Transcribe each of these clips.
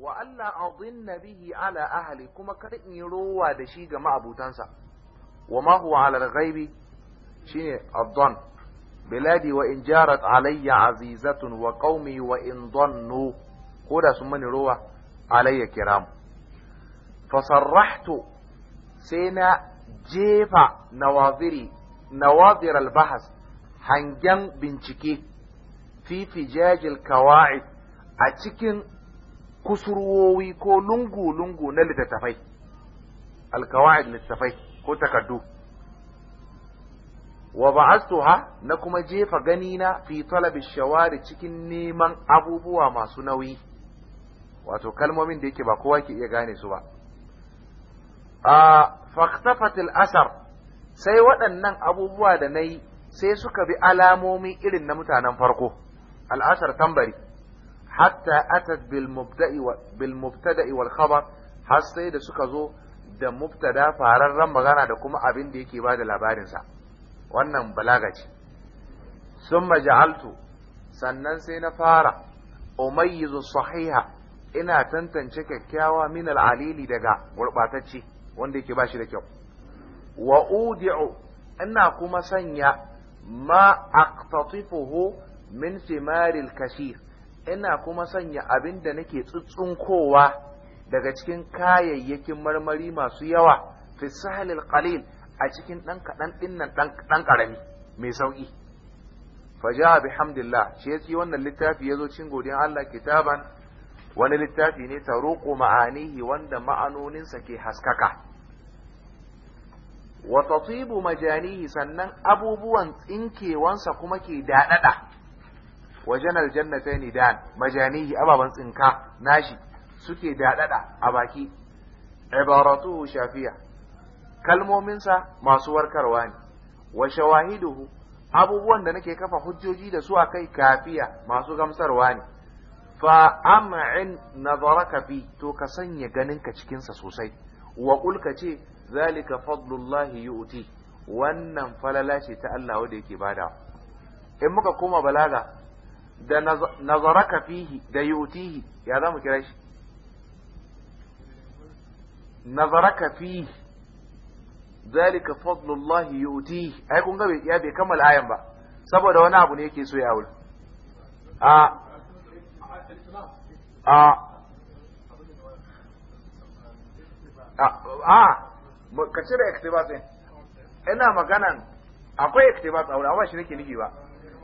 wa Allah adinna bihi ala ahli kuma kada in yi rowa da shi ga ma'abutansa wa ma huwa ala al-ghaibi shine addan biladi wa in jarat alayya azizatun wa qaumi wa in dannu ko da sun mani rowa alayya kiram fasarrahtu sai na jefa nawaziri nawazir al-bahas hangen bincike fi fijajil kawa'id a cikin kusurwowi ko lungu-lungu na littattafai alkawa'id littattafai ko takardu wa ba'astuha na kuma jefa ganina fi talabi shawari cikin neman abubuwa masu nauyi wato kalmomin da yake ba kowa ke iya gane su ba a faktafatil asar sai waɗannan abubuwa da na yi sai suka bi alamomi irin na mutanen farko al'asar tambari hatta atat bil mubda'i bil mubtada'i wal har sai da suka zo da mubtada fararren magana da kuma abin da yake ba da labarinsa wannan balaga ce sun maja'altu sannan sai na fara umayyizu sahiha ina tantance kyakkyawa min al'alili daga gurɓatacce wanda yake ba shi da kyau wa ina kuma sanya ma aqtatifuhu min simaril kashir ina kuma sanya abin da nake tsuntsunkowa daga cikin kayayyakin marmari masu yawa fi sahalil qalil a cikin dan kadan dinnan dan karami mai sauki faja hamdillah shi yace wannan littafi yazo cikin godin Allah kitaban wani littafi ne taruqu ma'anihi wanda ma'anoninsa ke haskaka wa tatibu majanihi sannan abubuwan tsinkewansa kuma ke dadada wajen aljannata ni dan majanihi ababan tsinka nashi suke daɗaɗa a baki ibaratu shafiya kalmominsa masu warkarwa ne wa shawahiduhu abubuwan da nake kafa hujjoji da su a kai kafiya masu gamsarwa ne fa am'in nazaraka bi to ka sanya ganinka cikin sa sosai wa qul ka ce zalika fadlullahi yu'ti wannan falala ce ta Allah wanda yake bada in muka koma balaga da nazaraka fihi da yutihi ya za mu kira shi nazaraka fihi zalika fadlullahi yutihi ai kun ga ya bai kammala ayan ba saboda wani abu ne yake so ya wuri a a a ka cire iktibas ina maganan akwai a wuri amma shi nake nufi ba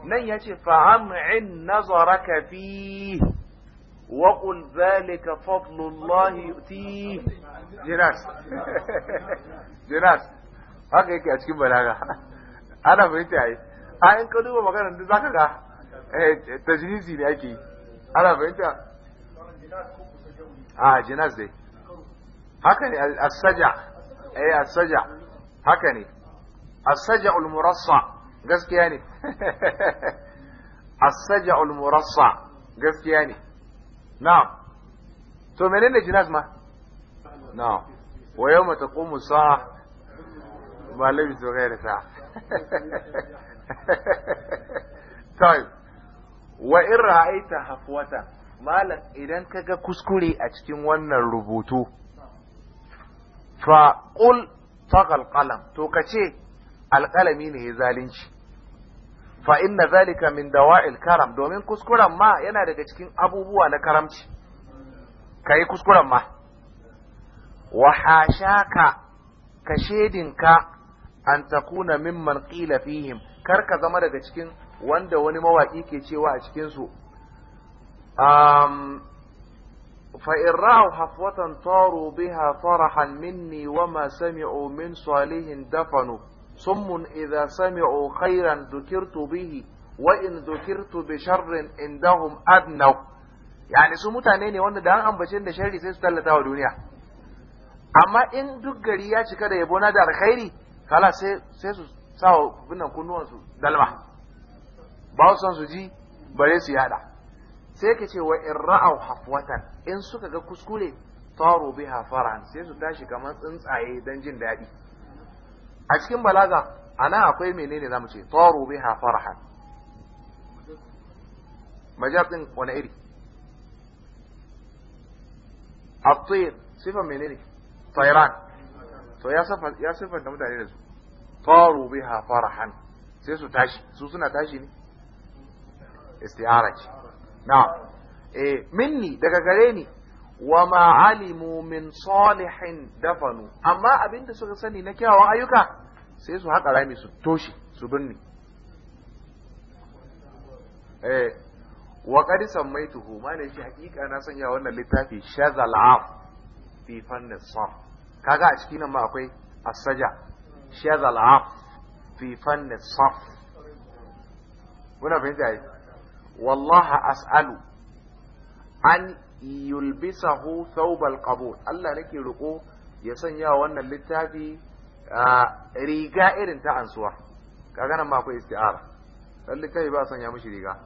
nan ya ce fa'am'in nazaraka fi wa qul zalika fadlullahi yuti jinas jinas haka yake a cikin balaga ana fahimta yi a in ka duba maganar da zaka ga eh, tajnisi ne ake ana fahimta a jinas dai haka ne as-saja eh as-saja haka ne as-saja al gaskiya ne as-saja'ul murassa gaskiya ne Na. to menene jinas ma na'am wa yawma taqumu sa'a ma labisu Ta sa'a Wa وإن رأيت hafuwata malam idan kaga kuskure a cikin wannan rubutu fa qul tagal qalam to ce alkalami ne ya zalunci fa inna zalika min dawa'il karam domin kuskuren ma yana daga cikin abubuwa na karamci kai kuskuren ma wa hashaka ka shedinka an takuna mimman qila fihim kar ka zama daga cikin wanda wani mawaki ke cewa a cikin su um, fa in ra'u hafwatan taru biha farahan minni wa ma sami'u min salihin dafanu صم إذا سمعوا خيرا ذكرت به وإن ذكرت بشر عندهم أدنوا يعني su mutane ne wanda da an ambace da shari sai su tallata wa duniya amma in duk gari ya cika da yabo na da alkhairi kala sai sai su sa binan kunnuwan su dalma ba su su ji bare su yada sai ka ce wa in ra'au hafwatan in suka ga kuskure taru biha faran sai su tashi kamar tsuntsaye don jin daɗi a cikin balaga ana akwai menene zamu ce taru biha farhan majaz din wani iri at-tayr sifa menene tayran to ya sifa ya sifa da mutane da su taru biha farhan sai su tashi su suna tashi ne isti'ara ce na'am eh minni daga gare ni wa ma alimu min salihin dafanu amma abinda suka sani na kyawawan ayyuka sai su haƙa rami su toshe su birni eh wa qad sammaituhu ma ne shi hakika na sanya wannan littafi shazal af fi fannin sarf kaga a cikin nan ma akwai asaja shazal af fi fannin sarf wannan fahimta ai wallahi as'alu an yulbisahu thawbal qabul Allah nake roko ya sanya wannan littafi riga irin ta ansuwa kaga nan ma akwai isti'ara dan littafi ba sanya mishi riga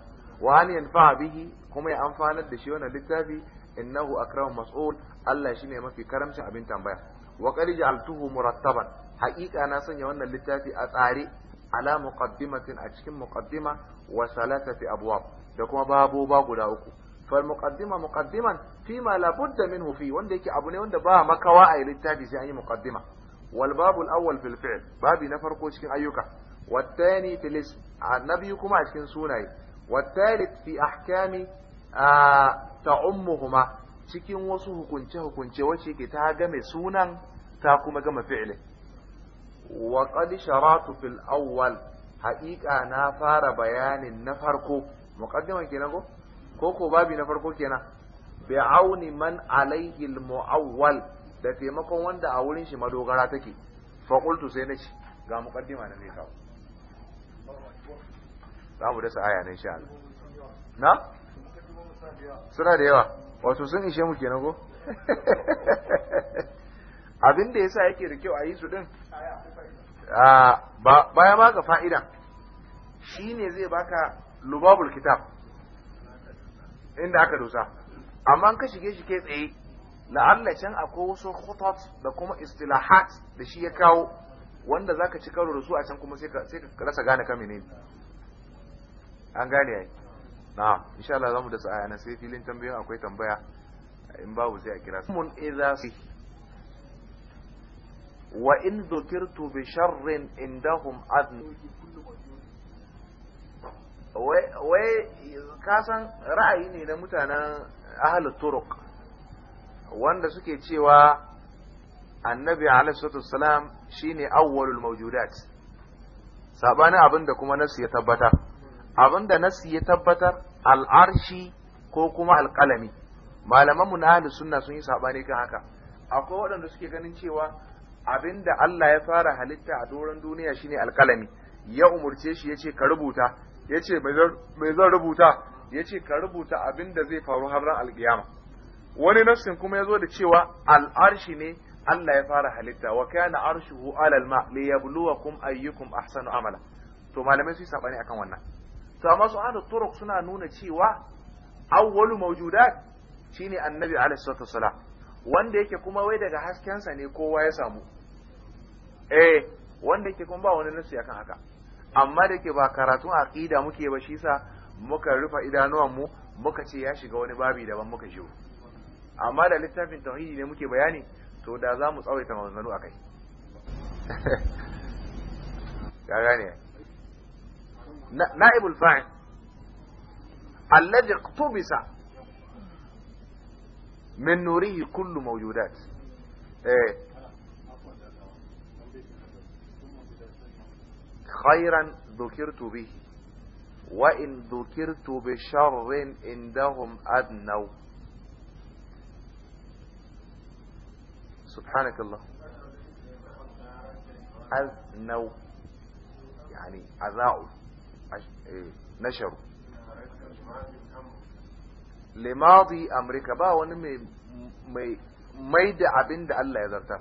wa an yanfa bihi kuma ya amfanar da shi wannan littafi innahu akramu mas'ul Allah shine mafi karamcin abin tambaya wa qad altuhu murattaban haqiqa na sanya wannan littafi a tsare ala muqaddimatin a cikin muqaddima wa salatati abwab da kuma babu ba guda uku fal muqaddima muqaddiman fi ma la budda minhu fi wanda yake abu ne wanda ba makawa a littafi sai an yi muqaddima wal babul awwal fil fi'l babi na farko cikin ayyuka والثاني في الاسم النبي كما cikin sunaye والثالث في احكام ta'ummuhuma cikin wasu hukunce hukunce wacce ke ta game sunan ta kuma gama fi'lin wa qad sharatu fil awwal haqiqa na fara bayanin na farko muqaddima kenan ko ko ko babi na farko kenan bi auni man alaihi almu'awwal da taimakon wanda a wurin shi madogara take fa qultu sai na ci ga muqaddima na zai kawo za mu dasa aya ne insha Allah na suna da yawa wato sun ishe mu kenan ko abin da yasa yake da kyau a yi su din baya ma ga fa'ida shine zai baka lubabul kitab inda aka dosa amma ka shige shi ke tsaye la'alla can akwai wasu khutat da kuma istilahat da shi ya kawo wanda zaka ci karo da su a can kuma sai ka sai ka rasa gane ka menene an gane yayi na'am insha Allah zamu da tsaya na sai filin tambayoyin akwai tambaya in babu sai a kira su mun idza wa in dhukirtu bi sharrin indahum adn wai kasan ra'ayi ne na mutanen ahalar turuk wanda suke cewa annabi shi shine awwalul mawjudat sabanin abinda kuma nasu ya tabbatar abinda nasu ya tabbatar al'arshi ko kuma alƙalami malamanmu na ahlus sunna sun yi sabani kan haka akwai waɗanda suke ganin cewa abinda Allah ya fara halitta a doron duniya shine alƙalami ya umurce shi ya ce ka rubuta ya ce zan rubuta ya ka rubuta abin da zai faru har ran alkiyama wani nafsin kuma ya zo da cewa al'arshi ne Allah ya fara halitta wa kana arshuhu alal ma li yabluwakum ayyukum ahsanu amala to malamai su sabani akan wannan to amma su ahlul turuq suna nuna cewa awwalu mawjudat shine annabi alaihi salatu wasalam wanda yake kuma wai daga hasken sa ne kowa ya samu eh wanda yake kuma ba wani nasu akan haka amma da ke ba karatun ƙida muke ba shi sa muka rufe idanuwan mu muka ce ya shiga wani babi daban muka shigo amma da littafin tauhidi ne muke bayani to da za mu tsawaita a akai ya gane na'ibul fa'in alladhi qutubisa min nurihi kullu mawjudat eh خيرا ذكرت به وإن ذكرت بشر عندهم أدنوا سبحانك الله أذنوا يعني أذاعوا إيه، نشروا لماضي أمريكا بقى ونمي ميد عبند الله يزرتها